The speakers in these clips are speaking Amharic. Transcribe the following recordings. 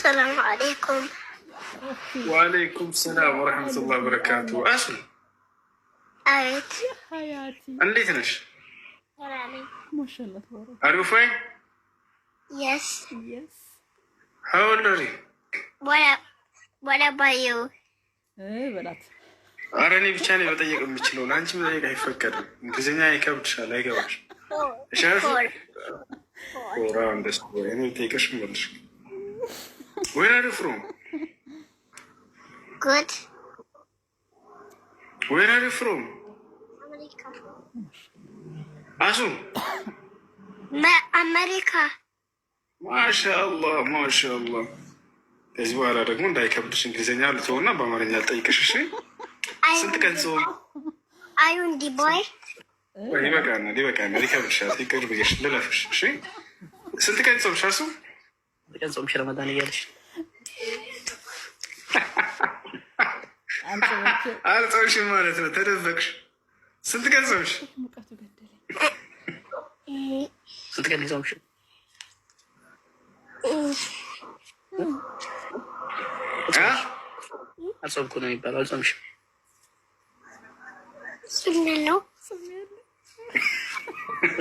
ሰላም አለይኩም። ወአለይኩም ሰላም ወረሕመቱላህ በረካቱ። አሱ እንዴት ነሽ? አሪፋይ ሀውነሪ ወላባዩ በላት። ኧረ እኔ ብቻ ነው መጠየቅ የምችለው። ለአንቺ መጠየቅ አይፈቀድም። እንግሊዝኛ ይከብድሻል፣ አይገባሽ ራ እንደስ እኔ ጠይቀሽ መልሽ ወይ አር ፍሮም ጉድ ወይ አር ፍሮም አሱ አሜሪካ። ማሻአላህ ማሻአላህ። ከዚህ በኋላ ደግሞ እንዳይከብድሽ እንግሊዝኛ ልትሆና በአማርኛ ልጠይቅሽ። እሺ ስንት ቀን ሰው አዩ እንዲ ቦይ ይበቃናል፣ ይበቃናል፣ ይከብድሻል። ይቅር ብዬሽ ልለፍሽ። እሺ ስንት ቀን ጾምሽ? እሱ ስንት ቀን ጾምሽ? ረመዳን እያለሽ አልጾምሽም ማለት ነው። ተደበቅሽ። ስንት ቀን ጾምሽ? ስንት ቀን ጾምሽ? አልጾምኩ ነው የሚባለው። አልጾምሽም ነው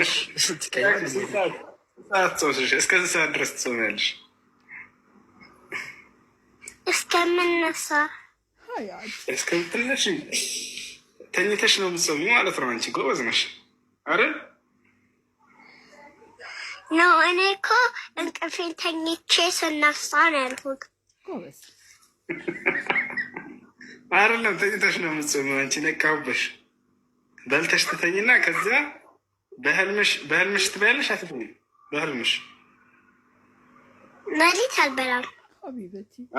እስከዚህ ሰዓት ድረስ ትጾሚያለሽ? እስከምነሳ እስከምትነሽ ተኝተሽ ነው የምትጾሚው ማለት ነው። አንቺ ጎበዝ ነሽ አይደል? ነው እኔ እኮ እንቅልፌን ተኝቼ ስነሳ ነው ያልኩት። አይደለም ተኝተሽ ነው የምትጾሚው አንቺ ነቃሁበሽ። በልተሽ ትተኝና ከዚያ በህልምሽ ትበያለሽ። አትተኝም በህልምሽ መሬት አልበላም።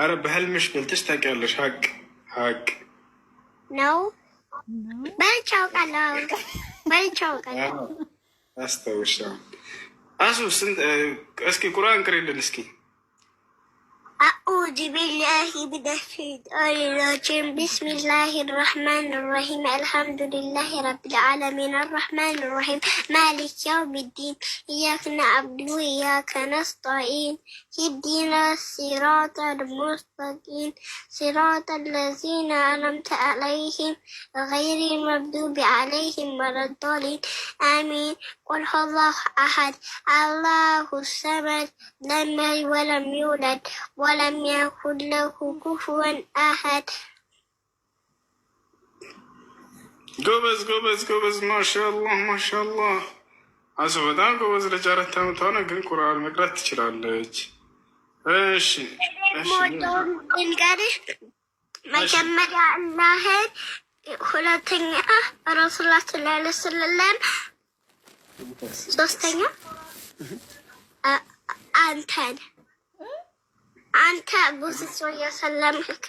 አረ በህልምሽ በልተሽ ታውቂያለሽ? ሀቅ ሀቅ ነው። በልቼ አውቃለሁ። በልቼ አውቃለሁ። አስታውሻ አሱ እስኪ ቁርአን ቅሪልን እስኪ أعوذ بالله من الشيطان الرجيم بسم الله الرحمن الرحيم الحمد لله رب العالمين الرحمن الرحيم مالك يوم الدين إياك نعبد وإياك نستعين اهدنا الصراط المستقيم صراط الذين أنعمت عليهم غير المغضوب عليهم ولا الضالين آمين قل هو الله أحد الله الصمد لم ولم يولد ولم ወለም የኩን ለሁ ኩፉወን አሐድ። ጎበዝ ጎበዝ ጎበዝ፣ ማሻአላህ ማሻአላህ። አሱ በጣም ጎበዝ ልጅ፣ አራት ዓመቷ ነው ግን ቁርአን መቅራት ትችላለች። እሺ እሺ፣ መጀመሪያ አላህን፣ ሁለተኛ ስለለም፣ ሶስተኛ አንተን አንተ ብዙ ሰው እያሰለምክ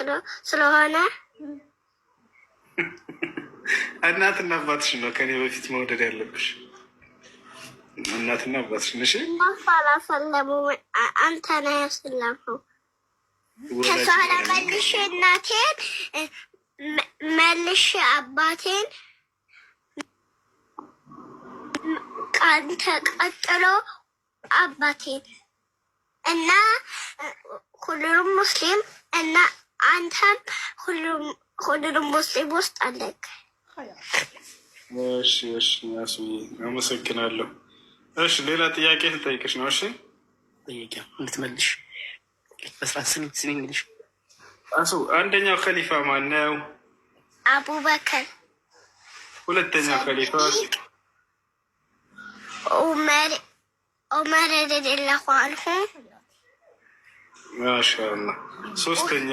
ስለሆነ እናትና አባትሽ ነው ከኔ በፊት መውደድ ያለብሽ። እናትና አባትሽ ነሽ። አላሰለሙ አንተ ነህ ያሰለምከው። ከእሷ መልሽ እናቴን መልሽ አባቴን አንተ ቀጥሎ አባቴን እና ሁሉንም ሙስሊም እና አንተም ሁሉንም ሙስሊም ውስጥ አለክ። እሺ እሺ፣ ያስዬ አመሰግናለሁ። እሺ ሌላ ጥያቄ ልጠይቅሽ ነው። እሺ ጥያቄ እንድትመልሽ በስርዓት ስሚ ስሚ። እንግዲህ አሱ አንደኛው ከሊፋ ማን ነው? አቡበከር። ሁለተኛው ከሊፋ ዑመር ዑመር ረዲየላሁ አንሁ ማሻአላ ሶስተኛ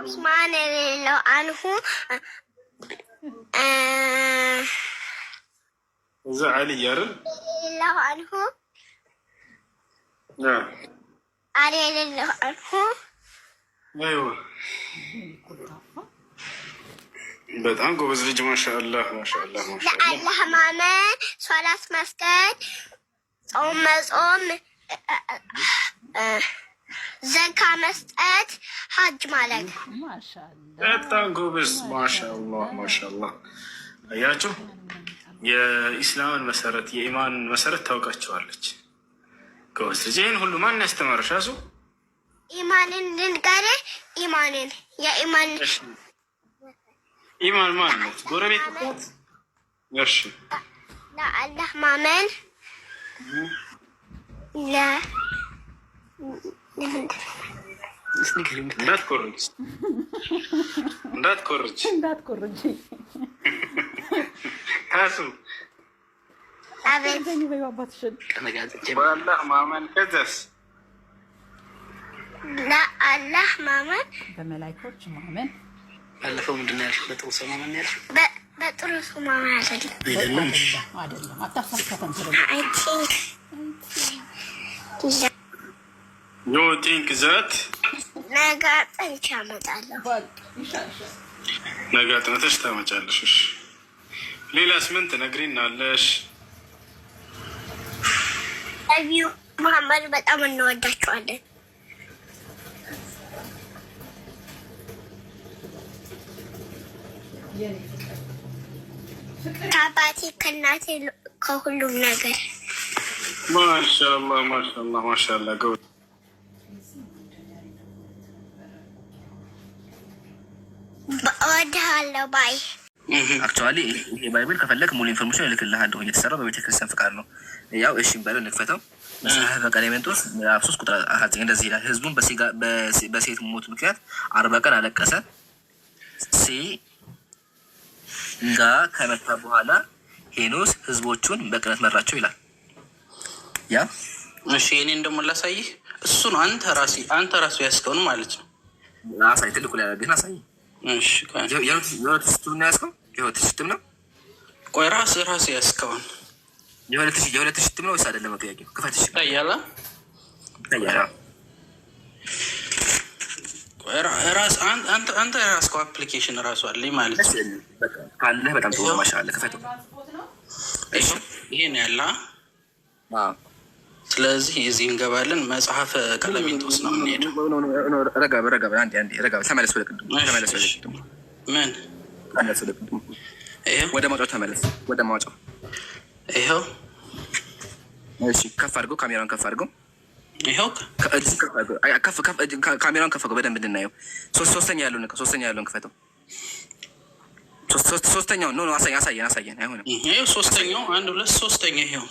ኡስማን የሌለው አንሁ እዛ አሊ ያረን ሌላው አንሁ አሊ የሌለው አንሁ አይዋ በጣም ጎበዝ ልጅ ማሻአላ ማሻአላ ማሻአላ ለአላህ ማመን ሶላት መስገድ ጾም መጾም ዘካ መስጠት፣ ሀጅ ማለት። በጣም ጎበዝ። ማሻላ ማሻላ። አያችሁ የኢስላምን መሰረት የኢማን መሰረት ታውቃቸዋለች። ጎበዝ ልጅ። ይህን ሁሉ ማን ያስተማረሽ? እሱ ኢማንን ልንገሬ። ኢማንን የኢማን ኢማን ማን ነው? ጎረቤት ት እርሺ ለአላህ ማመን ለ እንዳትኮርጅ እንዳትኮርጅ። ካሱ አቤት በይ አባትሽን በአላህ ማመን ከዚያስ ለአላህ ማመን በመላይኮች ማመን። ባለፈው ምንድን ነው ያልሽው? በጥሩ ሰው ማመን ያልሽው። በጥሩ ሰው ማመን አይደለም አይደለም፣ ዩ ቲንክ ዘት ነገ አጥንቼ አመጣለሁ። ነገ አጥንተሽ ታመጫለሽ። ሌላስ ምን ትነግሪናለሽ? ነቢዩ መሐመድ በጣም እንወዳቸዋለን። ከአባቴ ከእናቴ ከሁሉም ነገር ማሻላ ማሻላ ማሻላ እወድሃለሁ ባይ አክቹዋሊ ይሄ ባይብል ከፈለግ ሙሉ ኢንፎርሜሽን እልክልሃለሁ። እየተሰራ በቤተክርስቲያን ፍቃድ ነው። ያው እሺ ብለን እንክፈተው። መጽሐፈ ቀሌምንጦስ ምዕራፍ ሶስት ቁጥር አስራ እንደዚህ ይላል፣ ህዝቡን በሴት ሞት ምክንያት አርባ ቀን አለቀሰ። ሴ ከመታ በኋላ ሄኖስ ህዝቦቹን በቅነት መራቸው ይላል። ያ እሺ እኔ እንደሞላሳይህ እሱን አንተ ራስህ አንተ ራስህ ያስከውን ማለት ነው። አሳይ፣ ትልቁ ላይ ግን አሳይ የሁለት ስትም ነው ያዝከው? የሁለት ስትም ነው ቆይ፣ ራስህ ነው ወይስ አይደለም? ጥያቄው ክፈት። እሺ አንተ የራስከው አፕሊኬሽን እራሱ አለኝ ማለት ካለህ በጣም ጥሩ ማሻለህ። ክፈት። ይሄን ያለ ስለዚህ እዚህ እንገባለን። መጽሐፈ ቀለሚንጦስ ነው የምንሄደው። ተመለስ ወደ ቅድሙ፣ ምን ወደ ማውጫው ተመለስ፣ ወደ ማውጫው። ይኸው ከፍ አድርገው፣ ካሜራውን ከፍ አድርገው፣ ካሜራውን በደንብ እንድናየው። ሶስተኛ ያለውን ሶስተኛ ያለውን ክፈተው። ሶስተኛውን ኖ አሳየን፣ አሳየን፣ አይሆንም። ሶስተኛው አንድ ሁለት ሶስተኛ ይሄው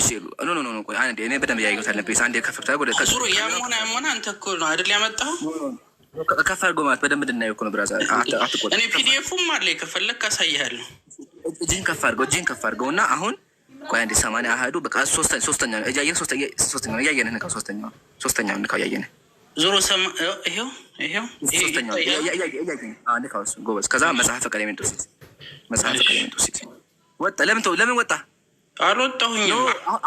እሺ ኖ ኖ ኖ አንዴ እኔ በደንብ ያየሁት አለብኝ። አንዴ ከፍ አድርጎ ጥሩ ያም ሆነ ያም ሆነ አንተ እኮ ነው አይደል ያመጣው። ከፍ አድርጎ ማለት በደንብ እንድናየው እኮ ነው ብራዛ። አትቆጥ እኔ ፒዲኤፉም አለ ከፈለግ ካሳይሃለሁ። እጅህን ከፍ አድርገው፣ እጅህን ከፍ አድርገው እና አሁን ቆይ አንዴ ሰማንያ አህዱ በቃ ሶስተኛ ሶስተኛ ነው እያየን ሶስተኛ ነው እያየንህ ንካው ሶስተኛ ሶስተኛ ነው ንካው እያየንህ ዞሮ ሰማ ይሄው ይሄው ሶስተኛ ንካው ጎበዝ። ከዛ መጽሐፈ ቀሌምንጦስ መጽሐፈ ቀሌምንጦስ ወጣ። ለምን ተው ለምን ወጣ? አልወጣሁኝ።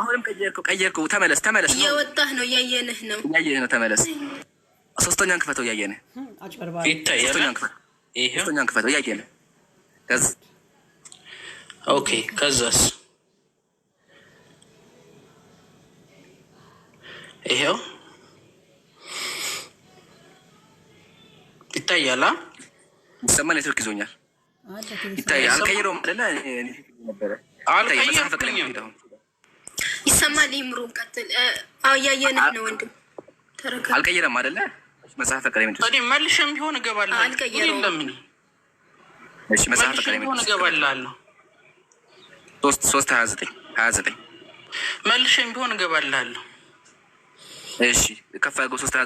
አሁንም ቀየርከው፣ ቀየርከው። ተመለስ፣ ተመለስ። እየወጣህ ነው፣ እያየንህ ነው፣ እያየንህ ነው። ተመለስ። ሶስተኛን ክፈተው፣ እያየንህ። ሶስተኛን ክፈተው፣ እያየንህ። ኦኬ፣ ከዛስ? ይሄው ይታያል። ይሰማል። ኔትወርክ ይዞኛል። ይታያል። አልቀይረውም አይደለ ነበረ ይሰማል። ይምሩ ቀጥል። እያየንህ ነው ወንድም፣ አልቀየረም አይደለ? መልሼም ቢሆን እገባለሁ። አልቀየረም። እሺ፣ እገባለሁ። ሶስት ሶስት ሀያ ዘጠኝ ሀያ ዘጠኝ መልሼም ቢሆን እገባለሁ። እሺ፣ ከፍ አድርገው ሶስት ሀያ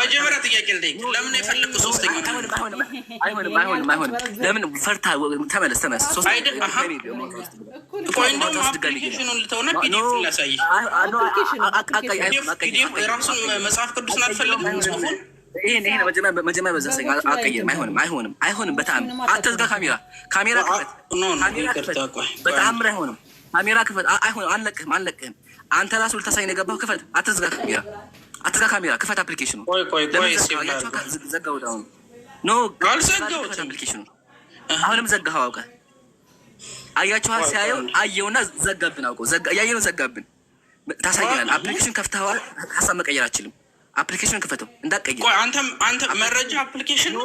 መጀመሪያ ጥያቄ ልጠይቅ። ለምን የፈለግኩ ሶስተኛ? ለምን ፈርታ? ተመለስ፣ ተመለስ። ራሱን መጽሐፍ ቅዱስን አልፈለግም ጽሁፉን ይሄን ይሄን መጀመሪያ በዛ ሰ አልቀየርም። አይሆንም አይሆንም አይሆንም። በጣም አትዝጋ። ካሜራ ካሜራ ክፈት፣ በተአምር አይሆንም። ካሜራ ክፈት። አይሆንም። አንለቅህም፣ አንለቅህም። አንተ ራሱ ልታሳይ ነው የገባው። ክፈት፣ አትዝጋ ካሜራ አትጋ ካሜራ ክፈት። አፕሊኬሽኑ ዘጋው። አሁን ኖ አልዘጋሁት። አሁንም ዘጋኸው አውቀህ አያችኋል። ሲያየው አየውና ዘጋብን። አውቀው ነው ዘጋብን። ታሳየናል። አፕሊኬሽን ከፍተኸዋል። ሀሳብ መቀየር አችልም። አፕሊኬሽን ክፈተው እንዳትቀይር። አንተም አንተ መረጃ አፕሊኬሽን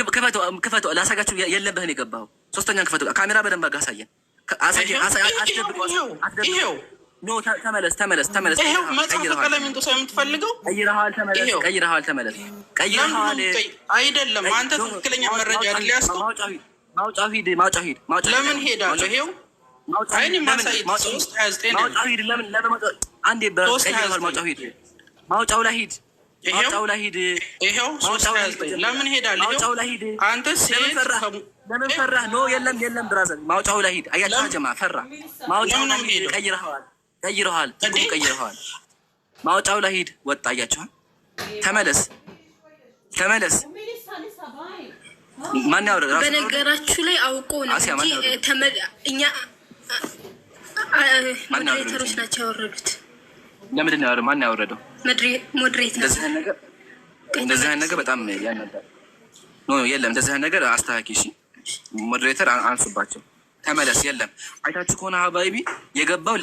ክፈተው፣ ክፈተው። ላሳጋችሁ የለብህን የገባኸው ሶስተኛን ክፈተው። ካሜራ በደንብ አሳየን። አሳየን። አስደብቀው። ኖ ተመለስ፣ ተመለስ፣ ተመለስ። ይሄው መጽሐፍ ቀለም እንዶ ሰው የምትፈልገው ቀይረሃል፣ ተመለስ፣ ቀይረሃል፣ ተመለስ፣ ቀይረሃል። አይደለም አንተ ትክክለኛ መረጃ አይደል ያስከው። ማውጫ ሂድ፣ ማውጫ ሂድ፣ ማውጫ ለምን ሄዳለሁ? ይሄው አይኔ ማሳይ ሶስት ሀያ ዘጠኝ ማውጫ ሂድ። ለምን ለምን አንዴ ቀይረሃል። ማውጫ ሂድ፣ ማውጫው ላይ ሂድ ማውጫው ላይ ሂድ። ይሄው ለምን ሄዳለህ? ማውጫው ላይ ሂድ። አንተ ለምን ፈራህ? ኖ የለም የለም፣ ብራዘር ማውጫው ላይ ሂድ። አያቸው ጀማ ፈራ። ማውጫው ላይ ሂድ፣ ቀይረኸዋል ቀይረዋል፣ ቀይረዋል። ማውጫው ላይ ሂድ። ወጣ እያቸዋል። ተመለስ፣ ተመለስ። ማን ያው በነገራችሁ ላይ አውቆ ነው እኛ ሞዴሬተሮች ናቸው ያወረዱት። ለምንድን ነው ማን ያወረደው? ሞዴሬተር እንደዚህ አይነት ነገር በጣም ያናዳል። የለም፣ እንደዚህ አይነት ነገር አስተካኪ። እሺ ሞዴሬተር አንሱባቸው። ተመለስ። የለም አይታችሁ ከሆነ ሀባይቢ የገባው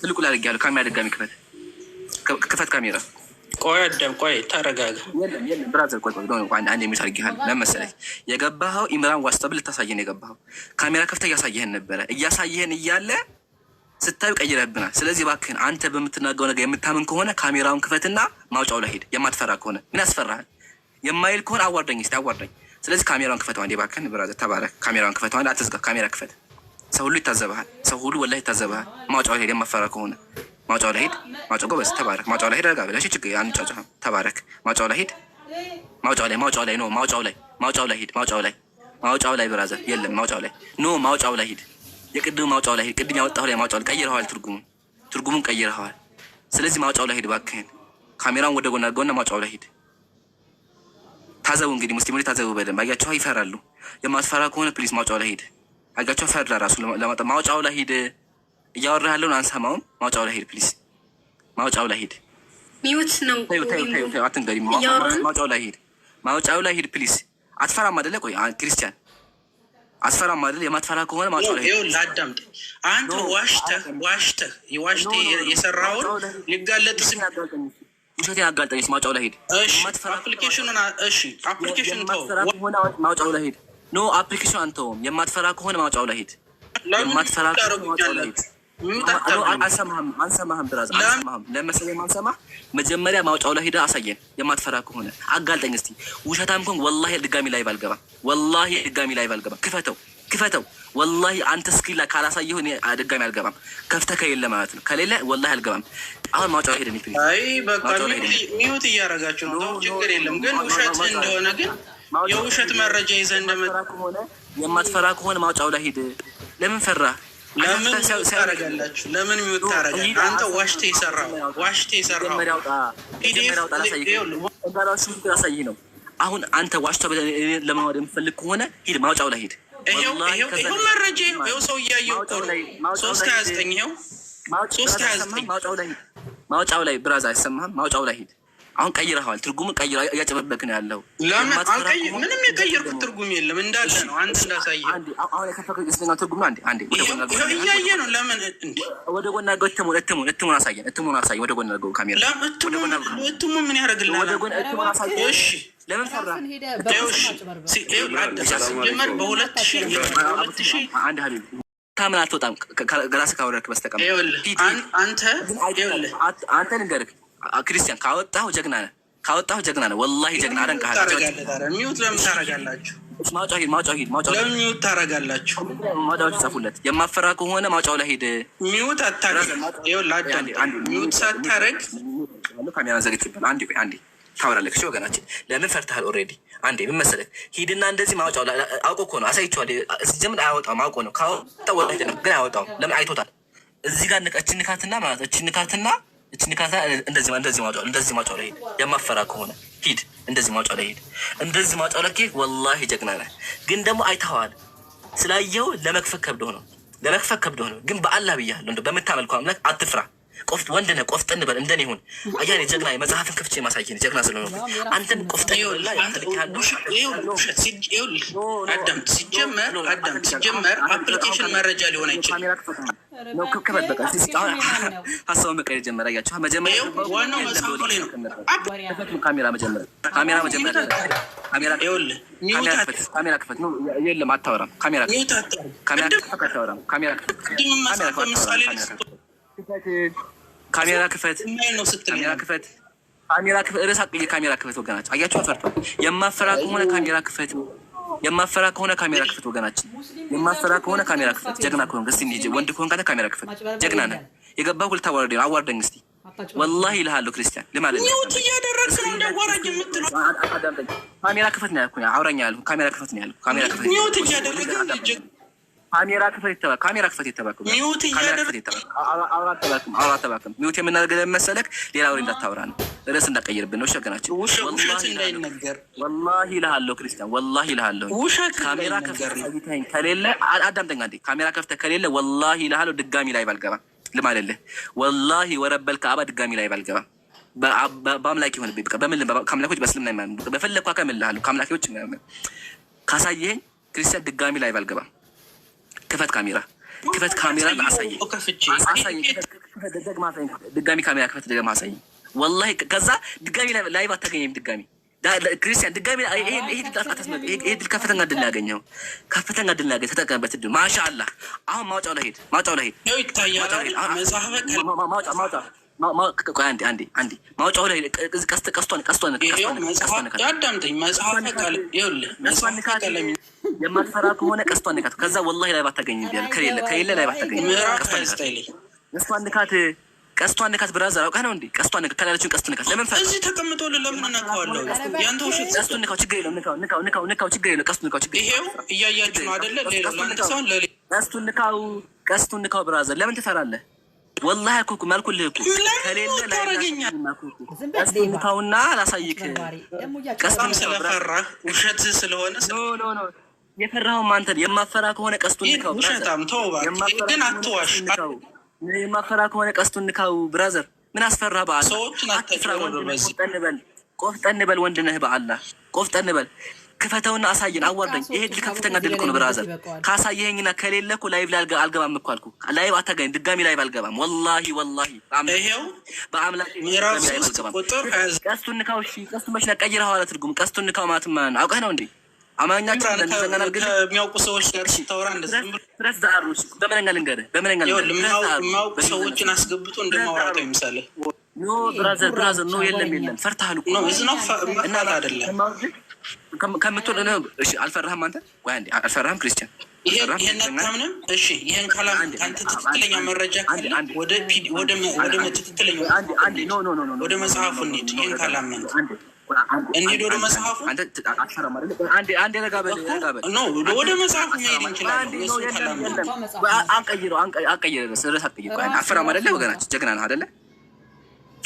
ትልቁ ላደርግ ያለው ካሜራ ድጋሚ ክፈት፣ ክፈት ካሜራ። ቆይ አዳም ቆይ ተረጋጋ። የለም የለም ቆይ ቆይ አንድ የሚሉት አድርጊሃል። ለምን መሰለኝ የገባኸው ኢምራን ዋስጠብ ልታሳየን የገባኸው ካሜራ ከፍተህ እያሳየህን ነበረ። እያሳየህን እያለ ስታዩ ቀይረብናል። ስለዚህ እባክህን አንተ በምትናገው ነገር የምታምን ከሆነ ካሜራውን ክፈትና ማውጫው ላይ ሄድ። የማትፈራ ከሆነ ምን ያስፈራሃል? የማይል ከሆነ አዋርደኝ፣ እስኪ አዋርደኝ ስለዚህ ካሜራውን ክፈተው አንዴ እባክህን፣ ብራዘር ተባረክ። ካሜራውን ክፈተው አንዴ፣ አትዝጋ። ካሜራ ክፈት። ሰው ሁሉ ይታዘብሃል። ሰው ሁሉ ወላሂ ይታዘብሃል። ማውጫው ላይ ሄድ፣ የማፈራ ከሆነ ማውጫው ላይ ሄድ። ማውጫው ጎበዝ፣ ተባረክ። ማውጫው ላይ ሄድ፣ ረጋ ብለህ ችግር አንጫጫህም። ተባረክ። ማውጫው ላይ ሄድ። ማውጫው ላይ ማውጫው ላይ ኖ፣ ማውጫው ላይ ማውጫው ላይ ሄድ። ማውጫው ላይ ማውጫው ላይ ብራዘር፣ የለም ማውጫው ላይ ኖ፣ ማውጫው ላይ ሄድ። የቅድም ማውጫው ላይ ሄድ። ቅድም ያወጣሁ ላይ ማውጫው ላይ ቀይረኸዋል። ትርጉሙን ትርጉሙን ቀይረኸዋል። ስለዚህ ማውጫው ላይ ሄድ እባክህን። ካሜራውን ወደ ጎን አድርገውና ማውጫው ላይ ሄድ። ታዘቡ እንግዲህ ሙስሊሞች ታዘቡ በደንብ አያቸው ይፈራሉ። የማትፈራ ከሆነ ፕሊስ ማውጫው ላይ ሂድ አያቸው ፈራ ራሱ ለማውጣት ማውጫው ላይ ሂድ። እያወራህ ያለውን አንሰማውም። ማውጫው ላይ ሂድ ፕሊስ፣ ማውጫው ላይ ሂድ። ሚውት ነው አትንገሪ። ማውጫው ላይ ሂድ፣ ማውጫው ላይ ሂድ ፕሊስ። አትፈራም አደለ? ቆይ ክርስቲያን አስፈራም አይደል? የማትፈራ ከሆነ ማውጫው ላይ ሂድ። ላዳምጥ። አንተ ዋሽተህ ዋሽተህ ዋሽተህ የሰራውን ሊጋለጥ ውሸት ያጋልጠኝ ማውጫው ላይ ሄድ። አፕሊኬሽኑን እሺ፣ ማውጫው ላይ ሄድ። ኖ አፕሊኬሽን አንተውም። የማትፈራ ከሆነ ማውጫው ላይ ሄድ። የማትፈራ ከሆነ ማውጫው ላይ ብራዝ አንሰማህም። ለመሰለህ ማንሰማህ መጀመሪያ ማውጫው ላይ ሄደ አሳየን። የማትፈራ ከሆነ አጋልጠኝ እስቲ። ውሸታም ከሆነ ወላሂ ድጋሚ ላይ ባልገባ፣ ወላሂ ድጋሚ ላይ ባልገባ፣ ክፈተው ክፈተው። ወላሂ አንተ እስክሪን ላይ ካላሳየሁ እኔ ድጋሚ አልገባም። ከፍተ ከሌለ ማለት ነው። ከሌለ ወላሂ አልገባም። አሁን ማውጫው ሄደ። ሚውት እያደረጋችሁ ነው። ችግር የለም ግን ውሸት እንደሆነ ግን የውሸት መረጃ ይዘህ እንደመጣ የማትፈራ ከሆነ ማውጫው ላይ ሂድ። ለምን ፈራ? ለምን ታረጋላችሁ? ለምን ሚውት ታረጋለህ? አንተ ዋሽቴ የሰራው ዋሽቴ የሰራው እንዳላችሁ አሳይህ ነው። አሁን አንተ ዋሽታ ለማወድ የምፈልግ ከሆነ ሂድ፣ ማውጫው ላይ ሂድ። ይኸው መረጃ ይኸው ሰው እያየው ሶስት ሀያ ዘጠኝ ይኸው ሶስት ሀያ ዘጠኝ ማውጫው ላይ ብራዝ አይሰማህም? ማውጫው ላይ ሂድ። አሁን ቀይረኸዋል። ትርጉም ቀይረ እያጨበበክ ነው ያለው። ምንም የቀየርኩት ትርጉም የለም እንዳለ ነው። አንተ እንዳሳየህ ትርጉም እያየ ነው። ለምን ወደ ጎን አድርገው እትሙን እትሙን እትሙን አሳየን። እትሙን አሳየን። ወደ ጎና ካሜራ እትሙ ምን ያደርግልናል? እሺ ለምን ፈራ? ሲጀመር በሁለት ሺህ ታምን አትወጣም ራስህ ካወረድክ በስተቀር አንተ ንገርህ ክርስቲያን ካወጣሁ ጀግና ነህ፣ ካወጣሁ ጀግና ነህ። ወላሂ ጀግና አደንቅሃለሁ። ሚውት ለምን ታረጋላችሁ? ማውጫው ሂድ፣ ማውጫው ሂድ፣ ማውጫው ለምን ሚውት ታረጋላችሁ? ማውጫዎች ጻፉለት። የማፈራ ከሆነ ማውጫው ላይ ሂድ። ሚውት አታረግ። ሚውት ሳታረግ ካሜራ ዘግቼብን አንዴ ታወራለህ። እሺ ወገናችን፣ ለምን ፈርተሃል? ኦልሬዲ አንዴ ምን መሰለህ፣ ሂድና እንደዚህ ማውጫው አውቆ እኮ ነው አሳይቼዋለሁ። ጀምን አያወጣውም፣ አውቆ ነው ካወጣ ነው ግን አያወጣውም። ለምን አይቶታል። እዚህ ጋር እችን ንካትና ማለት እችን ንካትና እችን ንካትና እንደዚህ እንደዚህ ማውጫው እንደዚህ ማውጫው ላይ ሂድ። የማፈራ ከሆነ ሂድ እንደዚህ ማውጫው ላይ ሂድ። እንደዚህ ማውጫው ላይ ሄድ። ወላሂ ጀግና ነህ። ግን ደግሞ አይተኸዋል። ስላየው ለመክፈት ከብዶ ነው፣ ለመክፈት ከብዶ ነው። ግን በአላህ ብያለሁ፣ እንደው በምታመልከው አምላክ አትፍራ። ቆፍጥ ወንድ ነህ፣ ቆፍጠን በል እንደኔ ሁን። አያ ጀግና መጽሐፍን ከፍቼ ማሳየን ጀግና ስለሆነ አንተን ቆፍጠን ሲጀመር አዳምጥ፣ ሲጀመር አፕሊኬሽን መረጃ ሊሆን አይችልም። ሀሳቡ መቀየር ጀመረ። አያችሁ መጀመሪያ ዋናው መጽሐፉ ላይ ነው። ካሜራ መጀመሪያ ካሜራ መጀመሪያ ካሜራ ካሜራ ክፈት ነው። የለም አታወራም። ካሜራ ካሜራ ክፈት አታወራም። ካሜራ ክፈት ካሜራ ክፈት፣ ካሜራ ክፈት፣ ካሜራ ክፈት። ርዕስ አቅዬ ካሜራ ክፈት። ወገናችን አያችሁ፣ አፈርቷል። የማፈራ ከሆነ ካሜራ ክፈት፣ የማፈራ ከሆነ ካሜራ ክፈት። ወገናችን የማፈራ ከሆነ ካሜራ ክፈት። ጀግና ከሆነ እስኪ እንሂጅ። ወንድ ከሆንክ አንተ ካሜራ ክፈት። ጀግና ነህ። የገባህ ሁለት አዋርደ አዋርደኝ እስኪ ወላሂ ይልሃለሁ። ክርስቲያን ልማለት ሚውት እያደረግክ ነው እንዳዋራጅ የምትለው ካሜራ ክፈት ነው ያልኩህ። አውራኛ ያልኩህ ካሜራ ክፈት ነው ያልኩህ። ካሜራ ክፈት ሚውት እያደረግክ ካሜራ ክፈት የተባ ካሜራ ክፈት የተባክ ሚውት አላተባክም። ሚውት የምናደርገው መሰለክ ሌላ ወሬ እንዳታወራ ነው፣ ርዕስ እንዳቀይርብን ነው። ሸገናችን ወላሂ እልሃለሁ፣ ክርስቲያን ወላሂ እልሃለሁ። ካሜራ ከፍተህ ከሌለ አዳምጠኝ አንዴ። ካሜራ ከፍተህ ከሌለ ወላሂ እልሃለሁ፣ ድጋሚ ላይ ባልገባ ልማለልህ። ወላሂ ወረበል ከአባ ድጋሚ ላይ ባልገባ በአምላክ ሆንብኝ በቃ ከአምላኮች በስልምና በፈለግኩ ከምልሃለሁ ከአምላኪዎች ካሳየኝ ክርስቲያን ድጋሚ ላይ ባልገባ ክፈት ካሜራ ክፈት ካሜራ አሳይ ድጋሚ ካሜራ ክፈት ድጋሚ አሳይ ወላሂ ከዛ ድጋሚ ላይቭ አታገኘም ድጋሚ ክርስቲያን ድጋሚ ይሄ ድል ከፍተኛ ድል ያገኘው ከፍተኛ ድል ያገኘ ተጠቀምበት ድል ማሻአላህ አሁን ማውጫው ላይ ሄድ ማውጫው ላይ ሄድ ማውጫ ማውጫው ላይ ቀስቷን ቀስቷን የማትፈራ ከሆነ ቀስቷን ንካት። ከዛ ወላሂ ላይ ባታገኝ ከሌለ ከሌለ ላይ ባታገኝ ንካት። ቀስቷን ንካት። ብራዘር አውቀህ ነው እንዴ? ቀስቷን ንካት። ንካት። ለምን ፈለግ እዚህ ተቀምጦ ለምን እነካዋለሁ? ንካው፣ ችግር የለውም። ንካው፣ ችግር የለውም። ይሄው እያያችሁ አይደለ? ቀስቱን ንካው፣ ቀስቱን ንካው። ብራዘር ለምን ትፈራለህ? ወላሂ እኮ መልኩልህ እኮ ከሌለ ታውና አላሳይክ ቀስቱን ስለፈራ ውሸት ስለሆነ የፈራኸውም አንተ የማፈራ ከሆነ ቀስቱን ንካው። የማፈራ ከሆነ ቀስቱን ንካው። ብራዘር ምን አስፈራ? በአላህ ቆፍጠን በል፣ ቆፍጠን በል፣ ወንድ ነህ። በአላህ ቆፍጠን በል። ክፈተውና አሳየን፣ አዋርደኝ። ይሄ ድል ከፍተኛ ድል እኮ ነው ብራዘር። ካሳየኸኝና ከሌለ እኮ ላይቭ ላይ አልገባም እኮ አልኩ። ላይቭ አታገኝ፣ ድጋሚ ላይቭ አልገባም። ወላሂ ወላሂ፣ ይሄው በአምላክ ቀስቱን ንካው። እሺ ቀስቱ መች ነው ቀይር ሐዋላ ትርጉም ቀስቱን ንካው ማለት ማለት ነው። አውቀህ ነው እንዴ? አማርኛችን የሚያውቁ ሰዎች ጋር ስታወራ እንደዚያ ዛሩ በምንኛ ልንገርህ፣ በምንኛ የሚያውቁ ሰዎችን አስገብቶ እንደማውራት ይምሳለ ኖ ብራዘር፣ ብራዘር ኖ የለም፣ የለም ፈርታሉ ፈርታሃል እኮ ነው እና አይደለም ከምትወደ አልፈራህም። አንተ አልፈራህም። ክርስቲያን ይህናምንም ትክክለኛ መረጃ ወደ መጽሐፉ እንሂድ። ይህን ካላመንክ እንሂድ ወደ መጽሐፉ። ወደ መጽሐፉ መሄድ እንችላለን። አንቀይረው፣ አንቀይረው፣ ርዕስ አትቀይር። አፈራም አይደለ? ወገናችን ጀግና ነው አይደለ?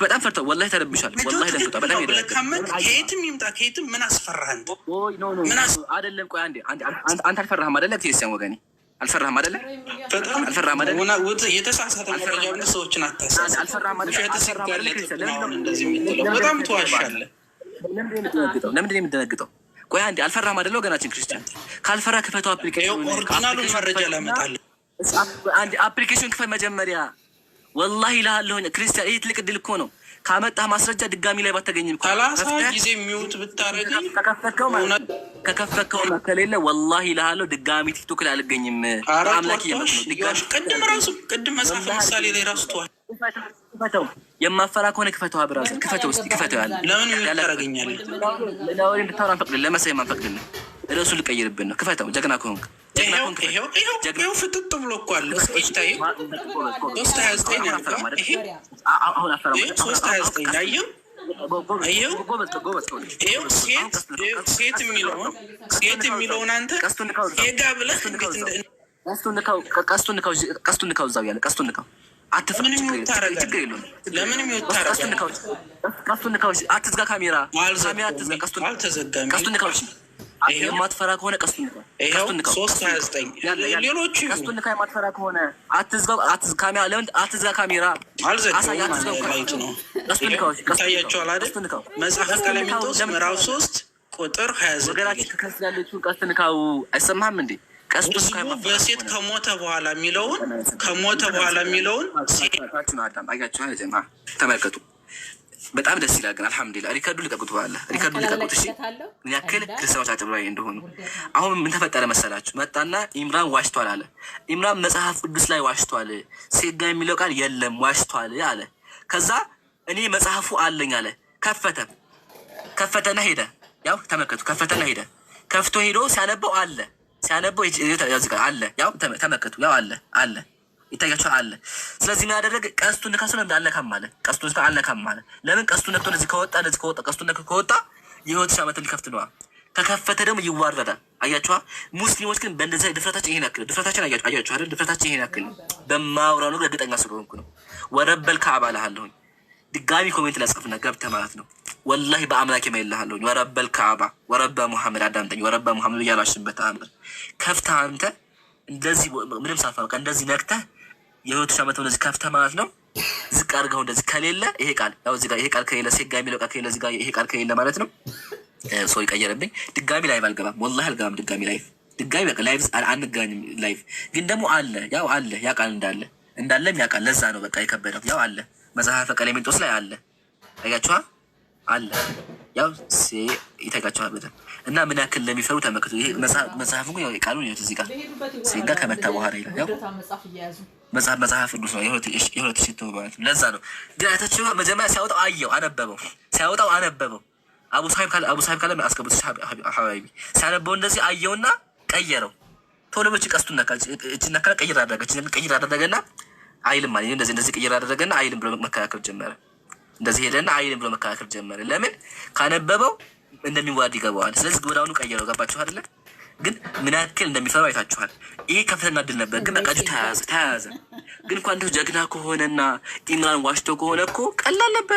በጣም ፈርተው ወላሂ ተረብሻል። ወላሂ ደፍጣ በጣም ከየትም ይምጣ ከየትም ምን አስፈራህን? አይደለም ቆይ አንዴ አንተ አልፈራህም አይደለ? ክርስቲያን ወገኔ አልፈራህም አይደለ? አልፈራህም አይደለ? የተሳሳተ ሰዎችን አታሳስብ። በጣም ትዋሻለህ። ለምንድን ነው ቆይ አንዴ አልፈራህም አይደለ? ወገናችን ክርስቲያን ካልፈራ ክፈተው አፕሊኬሽን። ኦሪጂናሉን መረጃ ላመጣልህ። አፕሊኬሽን ክፈት መጀመሪያ ወላሂ ላለሁኝ ክርስቲያን ይህ ትልቅ እድል እኮ ነው። ካመጣህ ማስረጃ ድጋሚ ላይ ባታገኝም ጊዜ የሚውት ብታረገኝ ከከፈከው ከሌለ ወላሂ ላለው ድጋሚ ቲክቶክ ላይ አልገኝም። ቅድም ራሱ ቅድም መጽሐፍ ምሳሌ ላይ ራሱ ተዋል የማፈራ ከሆነ ክፈተው፣ ብራዘር ክፈተው፣ ውስጥ ክፈተው ያለ ለምን ያረገኛል ለወሬ እንድታወራ አንፈቅድልህ። ለመሳይ አንፈቅድልህ። ርዕሱ ልቀይርብን ነው። ክፈተው። ጀግና ከሆንክ ይኸው ፍጥጥ ብሎ እኮ አለ። ሶስት ሀያ ዘጠኝ ሴት የሚለውን ሴት የሚለውን አንተ ብለህ ቀስቱን ንካው፣ ቀስቱን ንካው፣ እዛው ያለ ቀስቱን ንካው አትዝጋ ካሜራ ካሜራ የማትፈራ ከሆነ ቀስቱን አትዝጋ ካሜራ፣ ቁጥር ሀያ ዘጠኝ ወገናችን ከክርስቲያን ያለችውን ቀስት ንካው። አይሰማህም እንዴ? በሴት ከሞተ በኋላ የሚለውን ከሞተ በኋላ የሚለውን ተመልከቱ። በጣም ደስ ይላል። ግን አልሐምዱሊላ ሪከርዱ ሊጠቁት በኋላ ሪከርዱ ሊጠቁት እሺ፣ ምን ያክል ክርስቲያኖች አጭበርባሪ እንደሆኑ አሁን ምን ተፈጠረ መሰላችሁ? መጣና ኢምራን ዋሽቷል አለ። ኢምራን መጽሐፍ ቅዱስ ላይ ዋሽቷል፣ ሴት ጋር የሚለው ቃል የለም ዋሽቷል አለ። ከዛ እኔ መጽሐፉ አለኝ አለ። ከፈተ ከፈተና ሄደ። ያው ተመልከቱ፣ ከፈተና ሄደ። ከፍቶ ሄዶ ሲያነበው አለ ሲያነበው አለ ያው ተመከቱ ያው አለ አለ ይታያቸዋል አለ። ስለዚህ ምን ያደረገ ቀስቱ ነካሱ ለምን አልነካም አለ። ቀስቱ ስታ አለካም አለ። ለምን ቀስቱ ነክቶ እንደዚህ ከወጣ እንደዚህ ከወጣ ቀስቱ ነክ ከወጣ የህይወት ሻመት ሊከፍት ነዋ። ከከፈተ ደግሞ ይዋረዳል። አያቸዋ ሙስሊሞች ግን በእንደዚህ ድፍረታችን ይሄን ያክል ድፍረታችን አያቸዋ አይደል? ድፍረታችን ይሄን ያክል በማውራ ነው እርግጠኛ ስለሆንኩ ነው። ወረበል ከአባል አለሁኝ ድጋሚ ኮሜንት ላጽፍና ገብተህ ማለት ነው ወላሂ በአምላክ የማይልሃለሁ ወረበል ከአባ ወረበ ሙሐመድ አዳምጠኝ፣ ወረበ ሙሐመድ እያላሽበት አምር ከፍተህ አንተ እንደዚህ ምንም ሳፋበቃ እንደዚህ ነክተህ የህይወቱ ሻመት እንደዚህ ከፍተህ ማለት ነው። ዝቅ አድርገው እንደዚህ ከሌለ ይሄ ቃል ያው እዚህ ጋር ይሄ ቃል ከሌለ ሴጋ የሚለው ቃል ከሌለ እዚህ ጋር ይሄ ቃል ከሌለ ማለት ነው። ሰው ይቀየረብኝ። ድጋሚ ላይቭ አልገባም፣ ወላሂ አልገባም። ድጋሚ ላይቭ ድጋሚ በቃ ላይቭ አንገናኝም። ላይቭ ግን ደግሞ አለ ያው አለ ያ ቃል እንዳለ እንዳለም ያ ቃል ለዛ ነው በቃ የከበደው ያው አለ መጽሐፈ ቀሌምንጦስ ላይ አለ አያችኋል አለ ያው ይተጋቸዋል በደንብ እና ምን ያክል ለሚፈሩ ተመልከቱ። መጽሐፍ ቃሉ እዚህ ጋር ሴጋ ከመታ በኋላ ይላል። መጽሐፍ መጽሐፍ ቅዱስ ነው የሁለት ሽቶ ማለት ነው። ለዛ ነው ግን ድናታች መጀመሪያ ሲያወጣው አየው፣ አነበበው። ሲያወጣው አነበበው። አቡ ሳሂብ ካለ አስገቡት ሀባቢ ሲያነበው እንደዚህ አየውና ቀየረው። ቶሎ ብሎ ቀስቱን ነካ፣ ነካ፣ ቀይር አደረገ፣ ቀይር አደረገና አይልም ማለት እንደዚህ እንደዚህ ቀይር አደረገና አይልም ብሎ መከላከል ጀመረ። እንደዚህ ሄደና አይን ብሎ መከራከር ጀመረ። ለምን ካነበበው እንደሚዋድ ይገባዋል። ስለዚህ ጎዳኑ ቀየረው። ገባችሁ አይደለ? ግን ምን ያክል እንደሚፈሩ አይታችኋል። ይህ ከፍተኛ ድል ነበር። ግን በቃ ተያያዘ ተያያዘ። ግን እንኳ እንደ ጀግና ከሆነና ኢምራን ዋሽቶ ከሆነ እኮ ቀላል ነበር።